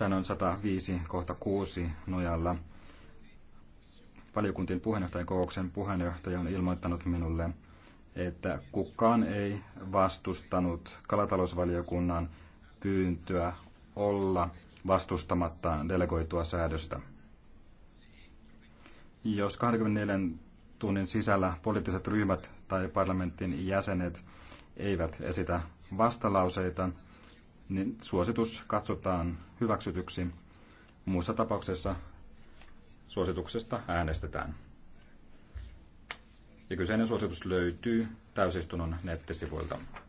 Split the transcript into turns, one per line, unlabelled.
säännön 105 kohta 6 nojalla valiokuntien puheenjohtajan kokouksen puheenjohtaja on ilmoittanut minulle, että kukaan ei vastustanut kalatalousvaliokunnan pyyntöä olla vastustamatta delegoitua säädöstä. Jos 24 tunnin sisällä poliittiset ryhmät tai parlamentin jäsenet eivät esitä vastalauseita, niin suositus katsotaan hyväksytyksi. Muussa tapauksessa suosituksesta äänestetään. Ja kyseinen suositus löytyy täysistunnon nettisivuilta.